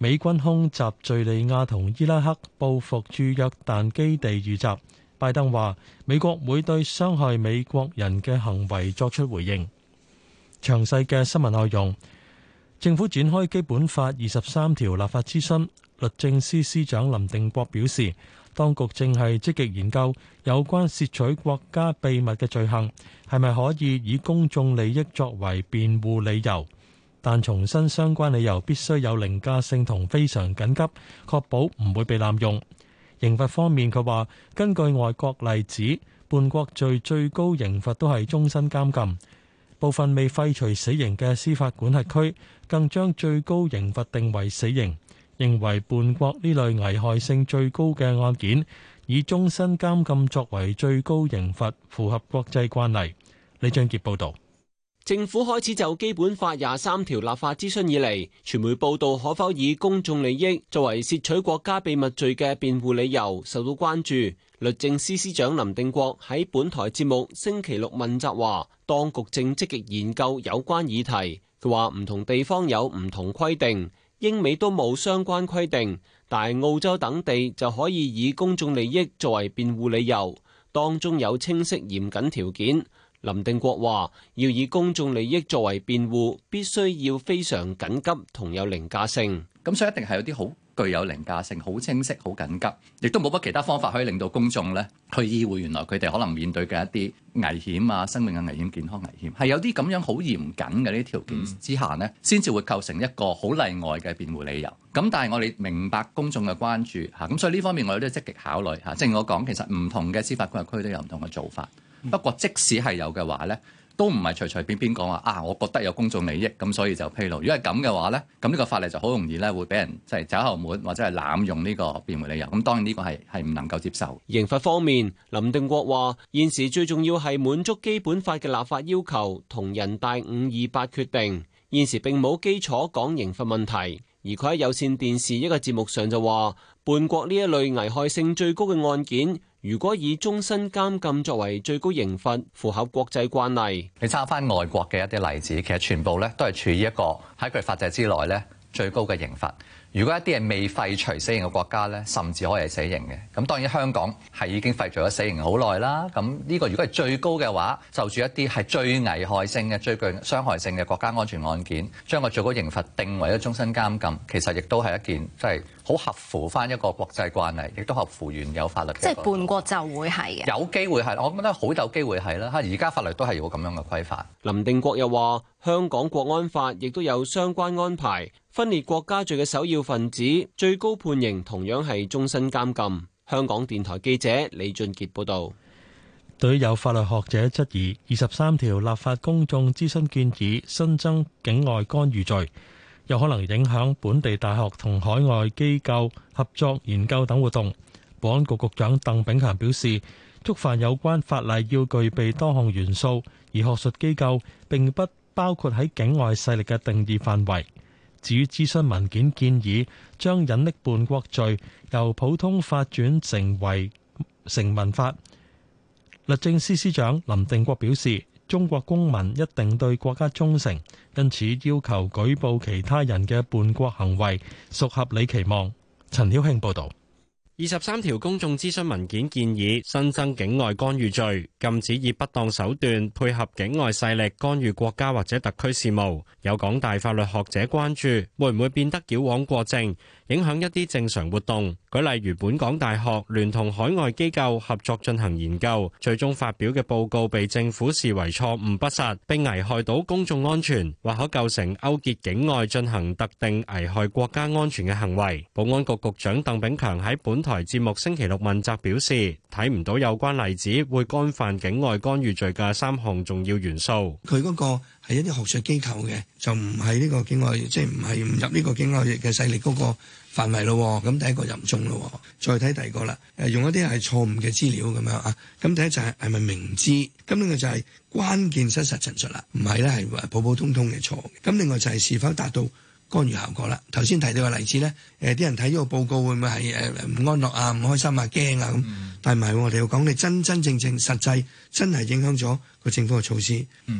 美軍空襲敘利亞同伊拉克報復駐約旦基地遇襲，拜登話美國會對傷害美國人嘅行為作出回應。詳細嘅新聞內容，政府展開基本法二十三條立法諮詢，律政司司長林定國錶示，當局正係積極研究有關竊取國家秘密嘅罪行，係咪可以以公眾利益作為辯護理由。但重申相關理由必須有凌駕性同非常緊急，確保唔會被濫用。刑罰方面，佢話根據外國例子，叛國罪最高刑罰都係終身監禁。部分未廢除死刑嘅司法管轄區更將最高刑罰定為死刑，認為叛國呢類危害性最高嘅案件，以終身監禁作為最高刑罰，符合國際慣例。李俊傑報導。政府開始就基本法廿三條立法諮詢以嚟，傳媒報導可否以公眾利益作為竊取國家秘密罪嘅辯護理由受到關注。律政司司長林定國喺本台節目星期六問責話，當局正積極研究有關議題。佢話唔同地方有唔同規定，英美都冇相關規定，但澳洲等地就可以以公眾利益作為辯護理由，當中有清晰嚴謹條件。林定國話，要以公眾利益作為辯護，必須要非常緊急同有凌駕性。咁所以一定係有啲好具有凌駕性、好清晰、好緊急，亦都冇乜其他方法可以令到公眾咧去意會原來佢哋可能面對嘅一啲危險啊、生命嘅危險、健康危險，係有啲咁樣好嚴謹嘅呢啲條件之下咧，先至會構成一個好例外嘅辯護理由。咁但係我哋明白公眾嘅關注吓，咁所以呢方面我哋都積極考慮吓。即係我講，其實唔同嘅司法管轄區都有唔同嘅做法。不過，即使係有嘅話呢都唔係隨隨便便講話啊，我覺得有公眾利益，咁所以就披露。如果係咁嘅話呢咁呢個法例就好容易咧，會俾人即係走後門或者係濫用呢個辯護理由。咁當然呢個係係唔能夠接受。刑罰方面，林定國話：現時最重要係滿足基本法嘅立法要求同人大五二八決定。現時並冇基礎講刑罰問題。而佢喺有線電視一個節目上就話：叛國呢一類危害性最高嘅案件。如果以終身監禁作為最高刑罰，符合國際慣例。你查翻外國嘅一啲例子，其實全部咧都係處於一個喺佢法制之內咧最高嘅刑罰。如果一啲係未廢除死刑嘅國家咧，甚至可以係死刑嘅。咁當然香港係已經廢除咗死刑好耐啦。咁呢個如果係最高嘅話，就住一啲係最危害性嘅、最具傷害性嘅國家安全案件，將個最高刑罰定為咗終身監禁，其實亦都係一件即係好合乎翻一個國際慣例，亦都合乎原有法律嘅。即係叛國就會係嘅。有機會係，我覺得好有機會係啦嚇。而家法律都係有咁樣嘅規範，林定國又話香港國安法亦都有相關安排，分裂國家罪嘅首要分子最高判刑同樣係終身監禁。香港電台記者李俊傑報道，對於有法律學者質疑二十三條立法公眾諮詢建議新增境外干預罪，有可能影響本地大學同海外機構合作研究等活動，保安局局長鄧炳強表示，觸犯有關法例要具備多項元素，而學術機構並不包括喺境外勢力嘅定義範圍。至於諮詢文件建議將隱匿叛國罪由普通法轉成為成文法，律政司司長林定國表示：中國公民一定對國家忠誠，因此要求舉報其他人嘅叛國行為屬合理期望。陳曉慶報導。二十三條公眾諮詢文件建議新增境外干預罪，禁止以不當手段配合境外勢力干預國家或者特區事務。有港大法律學者關注，會唔會變得矯枉過正，影響一啲正常活動？舉例如本港大學聯同海外機構合作進行研究，最終發表嘅報告被政府視為錯誤不實，並危害到公眾安全，或可構成勾結境外進行特定危害國家安全嘅行為。保安局局長鄧炳強喺本台節目星期六問責表示，睇唔到有關例子會干犯境外干預罪嘅三項重要元素。佢嗰個係一啲學術機構嘅就唔係呢個境外，即係唔係唔入呢個境外嘅勢力嗰個範圍咯。咁第一個就唔中咯。再睇第二個啦，誒用一啲係錯誤嘅資料咁樣啊。咁第一就係係咪明知？咁另外就係關鍵失實陳述啦，唔係咧係普普通通嘅錯。咁另外就係是否達到？干預效果啦，頭先提到個例子咧，誒啲人睇咗個報告會唔會係誒唔安樂啊、唔開心啊、驚啊咁？但係唔係我哋要講，你真真正正實際真係影響咗個政府嘅措施。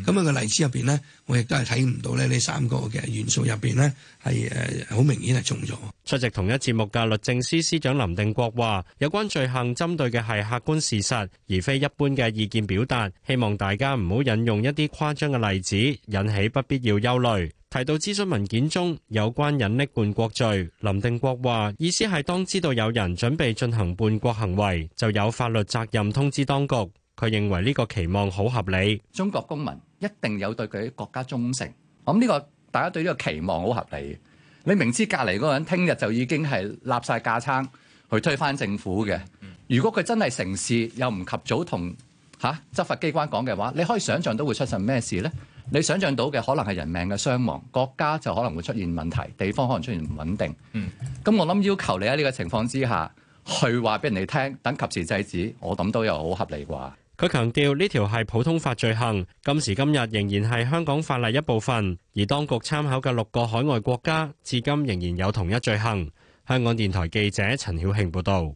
咁啊個例子入邊咧，我亦都係睇唔到咧呢三個嘅元素入邊咧係誒好明顯係重咗。出席同一節目嘅律政司司長林定國話：有關罪行針對嘅係客觀事實，而非一般嘅意見表達。希望大家唔好引用一啲誇張嘅例子，引起不必要憂慮。提到諮詢文件中有關隱匿叛國罪，林定國話意思係當知道有人準備進行叛國行為，就有法律責任通知當局。佢認為呢個期望好合理。中國公民一定有對佢國家忠誠，咁呢、呢個大家對呢個期望好合理。你明知隔離嗰個人聽日就已經係立晒架撐去推翻政府嘅，如果佢真係成事又唔及早同嚇、啊、執法機關講嘅話，你可以想像到會出晒咩事呢？你想像到嘅可能係人命嘅傷亡，國家就可能會出現問題，地方可能出現唔穩定。咁、嗯、我諗要求你喺呢個情況之下，去話俾人哋聽，等及時制止，我諗都有好合理啩。佢強調呢條係普通法罪行，今時今日仍然係香港法例一部分，而當局參考嘅六個海外國家，至今仍然有同一罪行。香港電台記者陳曉慶報導。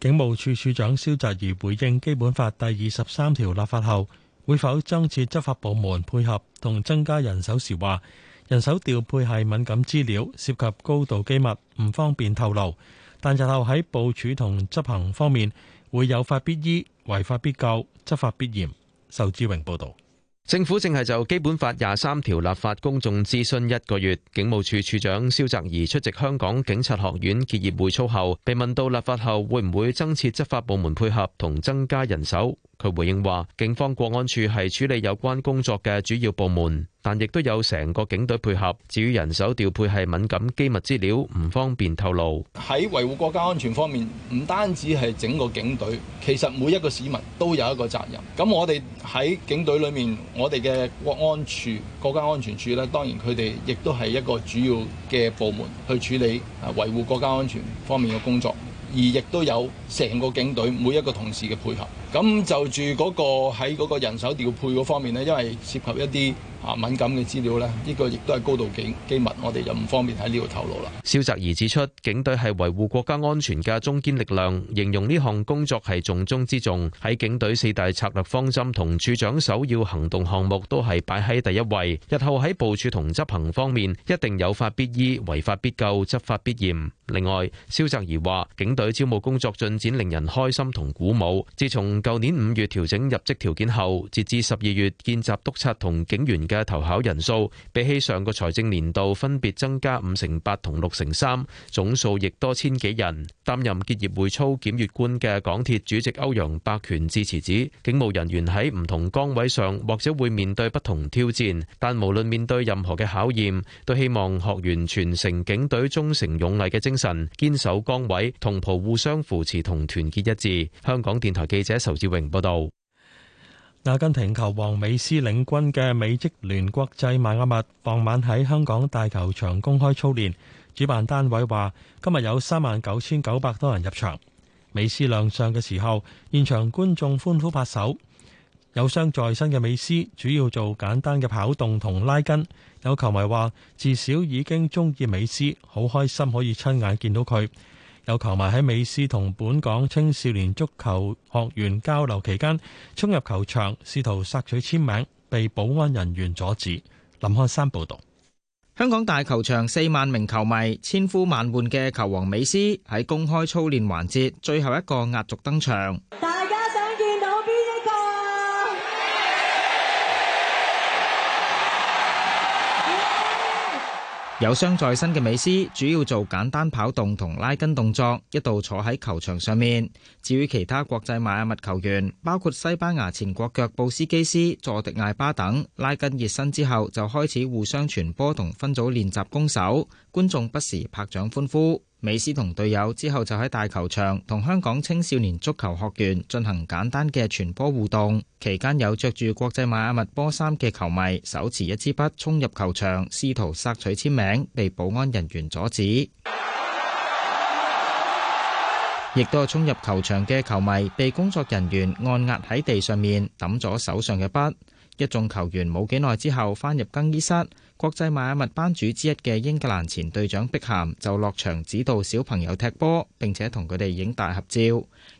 警務處處長蕭澤頤回應《基本法》第二十三條立法後，會否增設執法部門配合同增加人手時話，人手調配係敏感資料，涉及高度機密，唔方便透露。但日後喺部署同執行方面，會有法必依，違法必究，執法必嚴。仇志榮報導。政府正係就基本法廿三條立法公眾諮詢一個月，警務處處長蕭澤頤出席香港警察學院結業會操後，被問到立法後會唔會增設執法部門配合同增加人手？佢回應話，警方國安處係處理有關工作嘅主要部門，但亦都有成個警隊配合。至於人手調配係敏感機密資料，唔方便透露。喺維護國家安全方面，唔單止係整個警隊，其實每一個市民都有一個責任。咁我哋喺警隊裏面，我哋嘅國安處、國家安全處呢，當然佢哋亦都係一個主要嘅部門去處理啊，維護國家安全方面嘅工作，而亦都有成個警隊每一個同事嘅配合。咁就住嗰個喺嗰個人手調配嗰方面咧，因為涉及一啲啊敏感嘅資料咧，呢個亦都係高度機密，我哋就唔方便喺呢度透露啦。蕭澤頤指出，警隊係維護國家安全嘅中堅力量，形容呢項工作係重中之重，喺警隊四大策略方針同處長首要行動項目都係擺喺第一位。日後喺部署同執行方面，一定有法必依、違法必究、執法必嚴。另外，蕭澤頤話，警隊招募工作進展令人開心同鼓舞，自從舊年五月調整入職條件後，截至十二月見習督察同警員嘅投考人數，比起上個財政年度分別增加五成八同六成三，總數亦多千幾人。擔任結業會操檢閱官嘅港鐵主席歐陽伯權致辭指，警務人員喺唔同崗位上或者會面對不同挑戰，但無論面對任何嘅考驗，都希望學員傳承警隊忠誠勇毅嘅精神，堅守崗位，同袍互相扶持同團結一致。香港電台記者。曹志榮報道：阿根廷球王美斯領軍嘅美職聯國際邁阿密傍晚喺香港大球場公開操練，主辦單位話今日有三萬九千九百多人入場。美斯亮相嘅時候，現場觀眾歡呼拍手。有傷在身嘅美斯主要做簡單嘅跑動同拉筋。有球迷話，至少已經中意美斯，好開心可以親眼見到佢。有球迷喺美斯同本港青少年足球學員交流期間，衝入球場試圖索取簽名，被保安人員阻止。林漢山報道：香港大球場四萬名球迷千呼萬喚嘅球王美斯喺公開操練環節最後一個壓軸登場。有傷在身嘅美斯主要做簡單跑動同拉筋動作，一度坐喺球場上面。至於其他國際邁阿密球員，包括西班牙前國腳布斯基斯、佐迪艾巴等，拉筋熱身之後就開始互相傳波同分組練習攻守，觀眾不時拍掌歡呼。美斯同隊友之後就喺大球場同香港青少年足球學員進行簡單嘅傳波互動，期間有着住國際邁阿密波衫嘅球迷手持一支筆衝入球場，試圖索取簽名，被保安人員阻止。亦 都係衝入球場嘅球迷被工作人員按壓喺地上面，抌咗手上嘅筆。一眾球員冇幾耐之後翻入更衣室。國際邁阿密班主之一嘅英格蘭前隊長碧咸就落場指導小朋友踢波，並且同佢哋影大合照。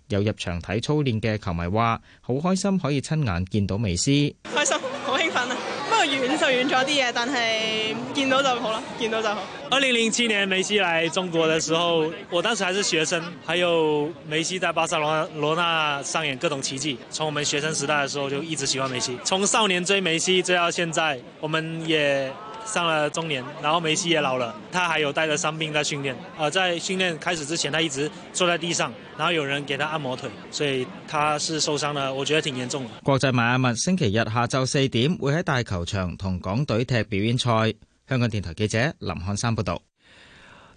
有入場睇操練嘅球迷話：好開心可以親眼見到梅西，開心，好興奮啊！不過遠就遠咗啲嘢，但係見到就好啦，見到就好。二零零七年梅西來中國嘅時候，我當時還是學生，還有梅西在巴塞羅那上演各種奇跡。從我們學生時代嘅時候就一直喜歡梅西，從少年追梅西追到現在，我們也。上了中年，然後梅西也老了，他還有帶着傷病在訓練。啊、呃，在訓練開始之前，他一直坐在地上，然後有人給他按摩腿，所以他是受傷的，我覺得挺嚴重的。國際邁阿密星期日下晝四點會喺大球場同港隊踢表演賽。香港電台記者林漢山報道，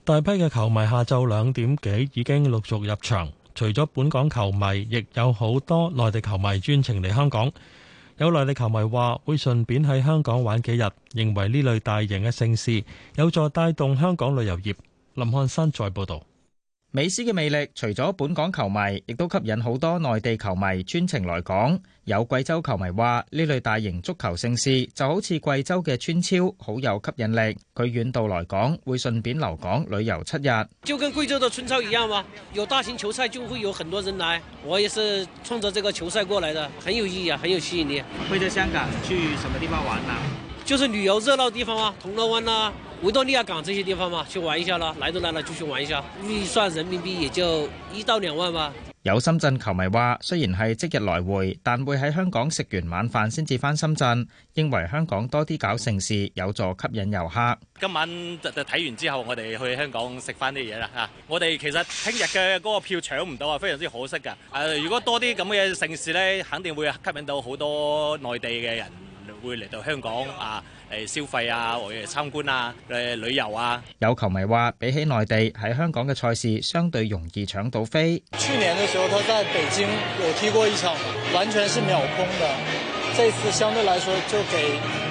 大批嘅球迷下晝兩點幾已經陸續入場，除咗本港球迷，亦有好多內地球迷專程嚟香港。有內地球迷話會順便喺香港玩幾日，認為呢類大型嘅盛事有助帶動香港旅遊業。林漢山再報道。美斯嘅魅力除咗本港球迷，亦都吸引好多內地球迷專程來港。有貴州球迷話：呢類大型足球盛事就好似貴州嘅村超，好有吸引力。佢遠道來港，會順便留港旅遊七日。就跟貴州嘅村超一樣嗎？有大型球賽就會有很多人來。我也是衝着這個球賽過來的，很有意義，啊，很有吸引力。會在香港去什麼地方玩啊？就是旅遊熱鬧地方啊，銅鑼灣啊。維多利亞港這些地方嘛，去玩一下啦！來都來了，就去玩一下。預算人民幣也就一到兩萬吧。有深圳球迷話：雖然係即日來回，但會喺香港食完晚飯先至翻深圳。認為香港多啲搞盛事有助吸引遊客。今晚就就睇完之後，我哋去香港食翻啲嘢啦吓！我哋其實聽日嘅嗰個票搶唔到啊，非常之可惜噶。誒，如果多啲咁嘅盛事咧，肯定會吸引到好多內地嘅人會嚟到香港啊。誒消費啊，或者參觀啊，誒旅遊啊，有球迷話，比起內地喺香港嘅賽事，相對容易搶到飛。去年嘅時候，他在北京有踢過一場，完全是秒空嘅。這次相對來說，就畀……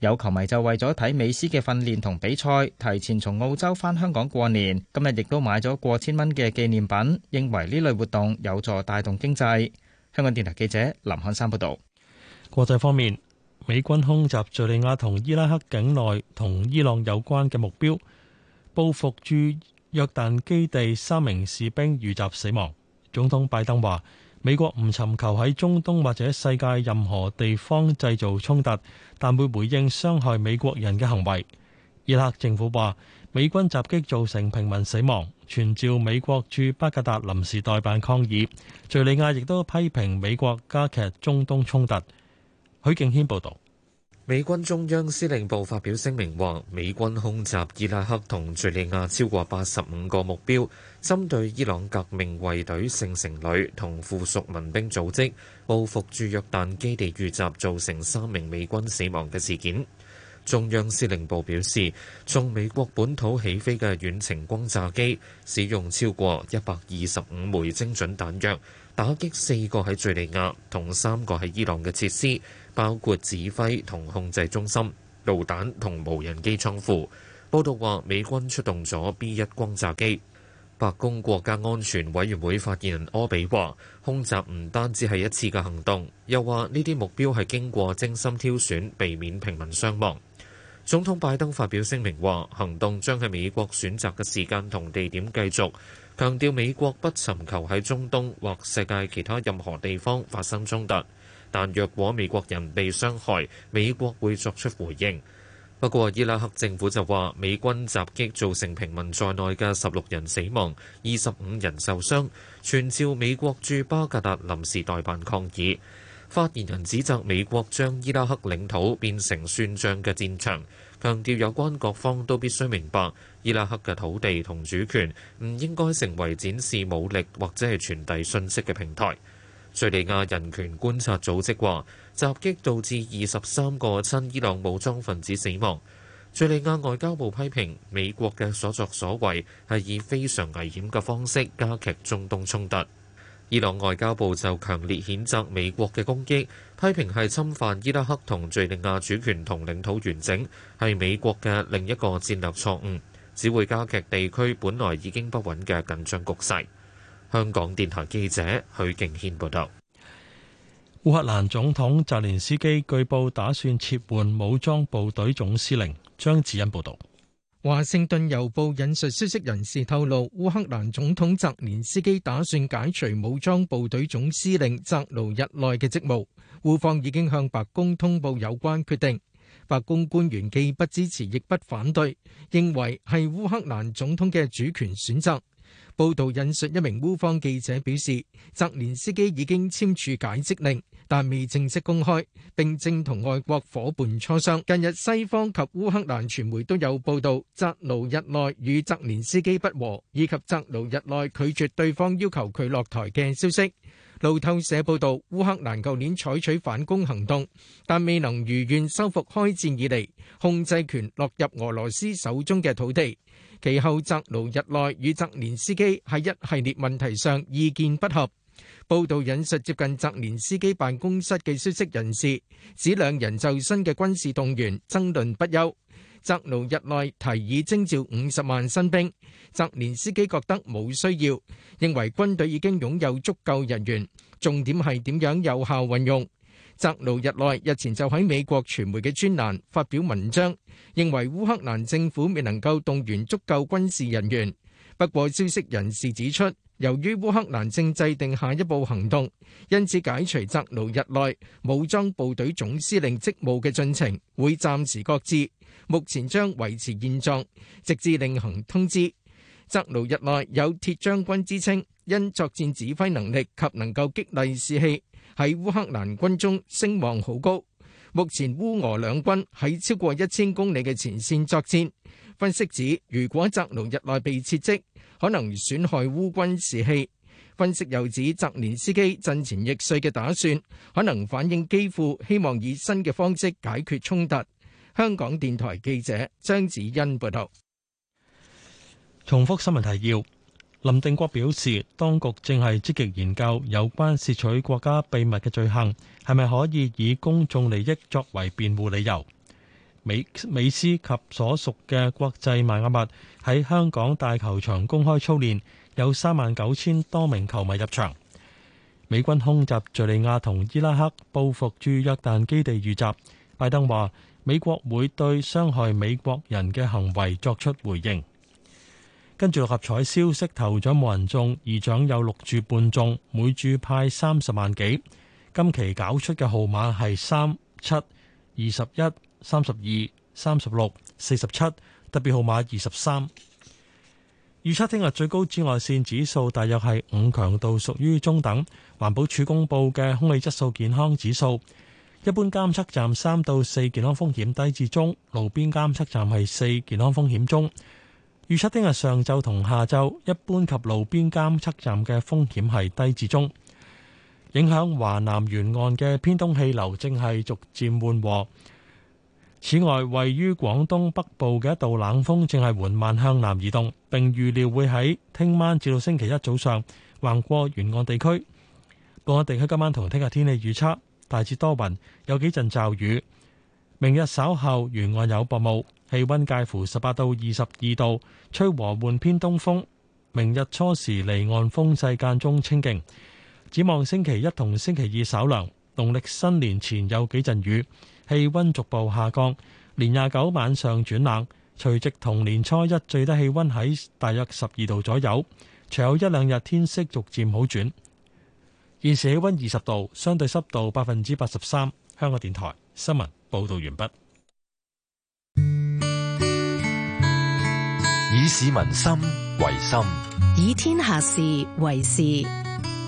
有球迷就為咗睇美斯嘅訓練同比賽，提前從澳洲返香港過年，今日亦都買咗過千蚊嘅紀念品，認為呢類活動有助帶動經濟。香港電台記者林漢山報導。國際方面，美軍空襲敘利亞同伊拉克境內同伊朗有關嘅目標，報復駐約旦基地三名士兵遇襲死亡。總統拜登話。美國唔尋求喺中東或者世界任何地方製造衝突，但會回應傷害美國人嘅行為。伊拉克政府話，美軍襲擊造成平民死亡，傳召美國駐巴格達臨時代辦抗議。敍利亞亦都批評美國加劇中東衝突。許敬軒報導，美軍中央司令部發表聲明話，美軍空襲伊拉克同敍利亞超過八十五個目標。針對伊朗革命衛隊聖城旅同附屬民兵組織報復駐約旦基地遇襲，造成三名美軍死亡嘅事件，中央司令部表示，從美國本土起飛嘅遠程轟炸機使用超過一百二十五枚精準彈藥，打擊四個喺敘利亞同三個喺伊朗嘅設施，包括指揮同控制中心、導彈同無人機倉庫。報道話，美軍出動咗 B 一轟炸機。白宮國家安全委員會發言人柯比話，空襲唔單止係一次嘅行動，又話呢啲目標係經過精心挑選，避免平民傷亡。總統拜登發表聲明話，行動將喺美國選擇嘅時間同地點繼續，強調美國不尋求喺中東或世界其他任何地方發生衝突，但若果美國人被傷害，美國會作出回應。不過，伊拉克政府就話，美軍襲擊造成平民在內嘅十六人死亡、二十五人受傷，傳召美國駐巴格達臨時代辦抗議。發言人指責美國將伊拉克領土變成算賬嘅戰場，強調有關各方都必須明白，伊拉克嘅土地同主權唔應該成為展示武力或者係傳遞信息嘅平台。敘利亞人權觀察組織話，襲擊導致二十三個親伊朗武裝分子死亡。敘利亞外交部批評美國嘅所作所為係以非常危險嘅方式加劇中東衝突。伊朗外交部就強烈譴責美國嘅攻擊，批評係侵犯伊拉克同敘利亞主權同領土完整，係美國嘅另一個戰略錯誤，只會加劇地區本來已經不穩嘅緊張局勢。香港電台記者許敬軒報道。烏克蘭總統澤連斯基據報打算撤換武裝部隊總司令，張子欣報道。華盛頓郵報引述消息人士透露，烏克蘭總統澤連斯基打算解除武裝部隊總司令澤盧日內嘅職務。烏方已經向白宮通報有關決定，白宮官員既不支持亦不反對，認為係烏克蘭總統嘅主權選擇。報道引述一名烏方記者表示，澤連斯基已經簽署解職令，但未正式公開，並正同外國伙伴磋商。近日西方及烏克蘭傳媒都有報導，澤魯日內與澤連斯基不和，以及澤魯日內拒絕對方要求佢落台嘅消息。路透社報道，烏克蘭舊年採取反攻行動，但未能如願收復開戰以嚟，控制權落入俄羅斯手中嘅土地。其後，澤盧日內與澤連斯基喺一系列問題上意見不合。報道引述接近澤連斯基辦公室嘅消息人士，指兩人就新嘅軍事動員爭論不休。澤魯日內提議徵召五十萬新兵，澤連斯基覺得冇需要，認為軍隊已經擁有足夠人員，重點係點樣有效運用。澤魯日內日前就喺美國傳媒嘅專欄發表文章，認為烏克蘭政府未能夠動員足夠軍事人員。不過，消息人士指出，由於烏克蘭正制定下一步行動，因此解除澤魯日內武裝部隊總司令職務嘅進程會暫時擱置，目前將維持現狀，直至另行通知。澤魯日內有鐵將軍之稱，因作戰指揮能力及能夠激勵士氣，喺烏克蘭軍中聲望好高。目前烏俄兩軍喺超過一千公里嘅前線作戰。分析指，如果扎盧日內被撤職，可能損害烏軍士氣。分析又指，澤連斯基陣前易帥嘅打算，可能反映基輔希望以新嘅方式解決衝突。香港電台記者張子欣報道。重複新聞提要：林定國表示，當局正係積極研究有關竊取國家秘密嘅罪行，係咪可以以公眾利益作為辯護理由？美美斯及所屬嘅國際邁阿密喺香港大球場公開操練，有三萬九千多名球迷入場。美軍空襲敘利亞同伊拉克，報復駐約旦基地遇襲。拜登話：美國會對傷害美國人嘅行為作出回應。跟住六合彩消息，頭獎冇人中，二獎有六注半中，每注派三十萬幾。今期搞出嘅號碼係三七二十一。三十二、三十六、四十七，特別號碼二十三。預測聽日最高紫外線指數大約係五強度，屬於中等。環保署公佈嘅空氣質素健康指數，一般監測站三到四健康風險低至中，路邊監測站係四健康風險中。預測聽日上晝同下晝一般及路邊監測站嘅風險係低至中。影響華南沿岸嘅偏東氣流正係逐漸緩和。此外，位於廣東北部嘅一道冷鋒正係緩慢向南移動，並預料會喺聽晚至到星期一早上橫過沿岸地區。各地區今晚同聽日天氣預測：大致多雲，有幾陣驟雨。明日稍後沿岸有薄霧，氣溫介乎十八到二十二度，吹和緩偏東風。明日初時離岸風勢間中清勁，展望星期一同星期二稍涼。農曆新年前有幾陣雨。氣温逐步下降，年廿九晚上轉冷，隨即同年初一最低氣温喺大約十二度左右，隨後一兩日天色逐漸好轉。現時氣温二十度，相對濕度百分之八十三。香港電台新聞報道完畢。以市民心為心，以天下事為事。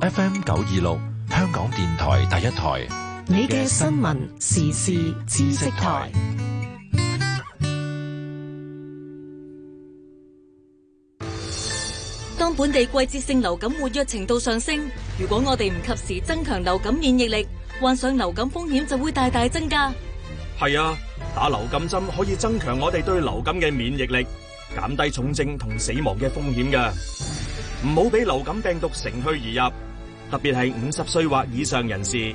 F.M. 九二六，香港電台第一台。你嘅新聞時事知識台，當本地季節性流感活躍程度上升，如果我哋唔及時增強流感免疫力，患上流感風險就會大大增加。係啊，打流感針可以增強我哋對流感嘅免疫力，減低重症同死亡嘅風險㗎。唔好俾流感病毒乘虛而入，特別係五十歲或以上人士。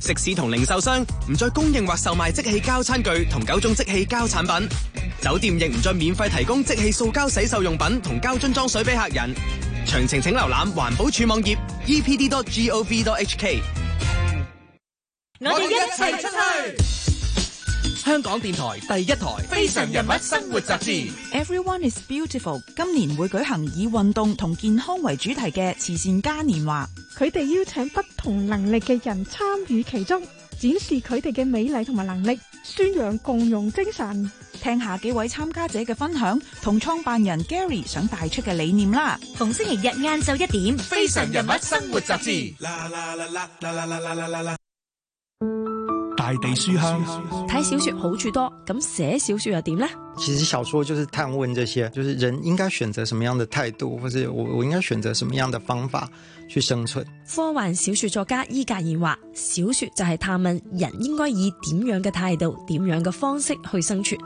食肆同零售商唔再供應或售賣即棄膠餐具同九種即棄膠產品，酒店亦唔再免費提供即棄塑膠洗手用品同膠樽裝水俾客人。詳情請瀏覽環保署網頁：epd.gov.hk。E、我哋一齊出去。香港電台第一台《非常人物生活雜誌》。Everyone is beautiful。今年會舉行以運動同健康為主題嘅慈善嘉年華。佢哋邀請不同能力嘅人參與其中，展示佢哋嘅美麗同埋能力，宣揚共融精神。聽下幾位參加者嘅分享同創辦人 Gary 想帶出嘅理念啦。逢星期日晏晝一點，非常人物生活雜誌。大地書香，睇小說好處多，咁寫小說又點呢？其實小說就是探問這些，就是人應該選擇什麼樣的態度，或是我我應該選擇什麼樣的方法去生存。科幻小說作家伊格言話：小說就係探問人應該以點樣嘅態度、點樣嘅方式去生存。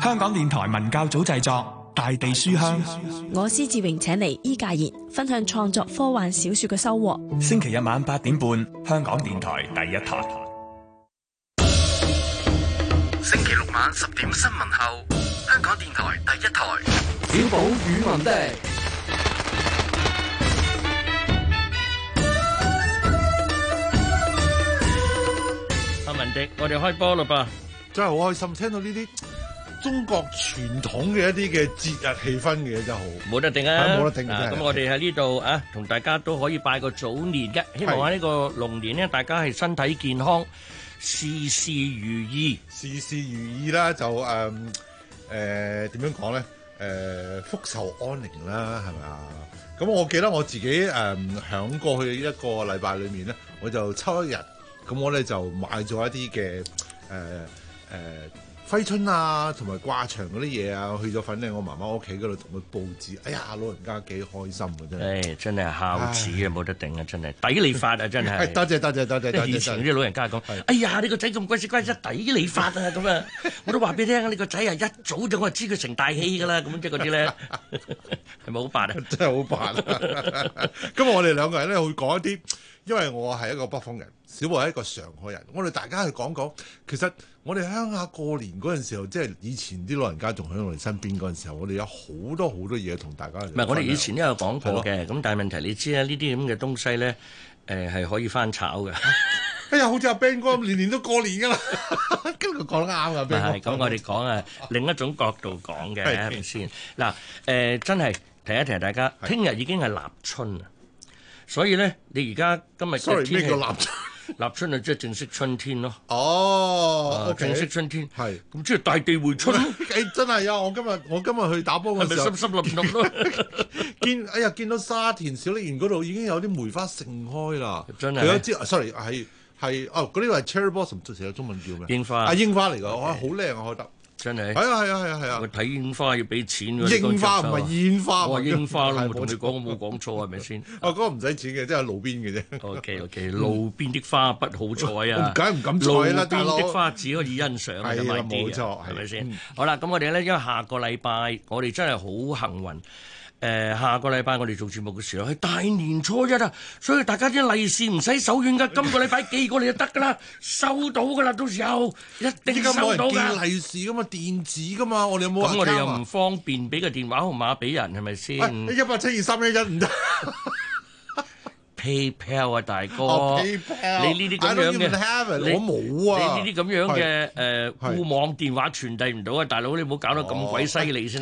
香港電台文教組製作《大地書香》書香。我施志榮請嚟伊格言分享創作科幻小說嘅收穫。嗯、星期日晚八點半，香港電台第一台。星期六晚十點新聞後，香港電台第一台。小寶與文迪。我哋開波啦噃，真係好開心，聽到呢啲中國傳統嘅一啲嘅節日氣氛嘅真好，冇得頂啊，冇得頂啊！咁我哋喺呢度啊，同、啊啊、大家都可以拜個早年嘅，是希望喺呢個龍年咧，大家係身體健康，事事如意，事事如意啦！就誒誒，點、嗯呃、樣講咧？誒、呃，福壽安寧啦，係咪啊？咁我記得我自己誒，響、嗯、過去一個禮拜裏面咧，我就抽一日。咁我咧就買咗一啲嘅誒誒揮春啊，同埋掛牆嗰啲嘢啊，去咗粉嶺我媽媽屋企嗰度同佢佈置。哎呀，老人家幾開心嘅真係，真係、哎、孝子啊，冇唉得頂啊，真係抵你發啊，真係。多謝多謝多謝多謝。以前啲老人家講，是哎呀，你個仔咁鬼死乖，抵你發啊！咁啊，我都話俾你聽，你個仔啊，一早就我知佢成大器㗎啦。咁即係嗰啲咧，係咪好煩咧？是是啊、 真係好煩。今 日我哋兩個人咧會講一啲，因為我係一個北方人。小布係一個上海人，我哋大家去講講。其實我哋鄉下過年嗰陣時候，即係以前啲老人家仲喺我哋身邊嗰陣時候，我哋有好多好多嘢同大家。唔係，我哋以前都有講過嘅，咁但係問題你知啦，呢啲咁嘅東西咧，誒係可以翻炒嘅。哎呀，好似阿 Ben 哥咁，年年都過年噶嘛，跟住講得啱噶。咁我哋講啊另一種角度講嘅，係咪先？嗱誒，真係提一提大家，聽日已經係立春啊，所以咧，你而家今日個立立春啊，即係正式春天咯。哦，oh, okay, 正式春天係咁，即係是大地回春。 哎、真係啊！我今日我今日去打波嘅時候，係係濕濕淋淋咯。 見哎呀，見到沙田小瀝園嗰度已經有啲梅花盛開啦。真係是。佢一知 sorry 係係哦，嗰啲係 cherry blossom，寫中文叫咩？櫻花啊，櫻花嚟㗎，Okay. 好靚啊，開得、啊。真係係啊係啊係啊係啊！我睇櫻花要俾錢喎。櫻花唔係煙花，我話櫻花咯，我同你講我冇講錯係咪先？哦，嗰個唔使錢嘅，即係路邊嘅啫。OK OK，路邊的花不好彩啊！梗係唔敢採啦，路邊的花只可以欣賞嘅物件。冇錯，係咪先？好啦，咁我哋咧，因為下個禮拜我哋真係好幸運。誒，下個禮拜我哋做節目嘅時候係大年初一啊，所以大家啲利是唔使手軟噶，今個禮拜寄過嚟就得噶啦，收到噶啦，到時候一定收到嘅。利是噶嘛，電子噶嘛，我哋有冇？咁我哋又唔方便俾個電話號碼俾人，係咪先？一百七二三一一唔得？PayPal 啊，大哥，PayPal，你呢啲咁樣嘅，我冇啊， 你呢啲咁樣嘅誒固網電話傳遞唔到啊，大佬你唔好搞到咁鬼犀利先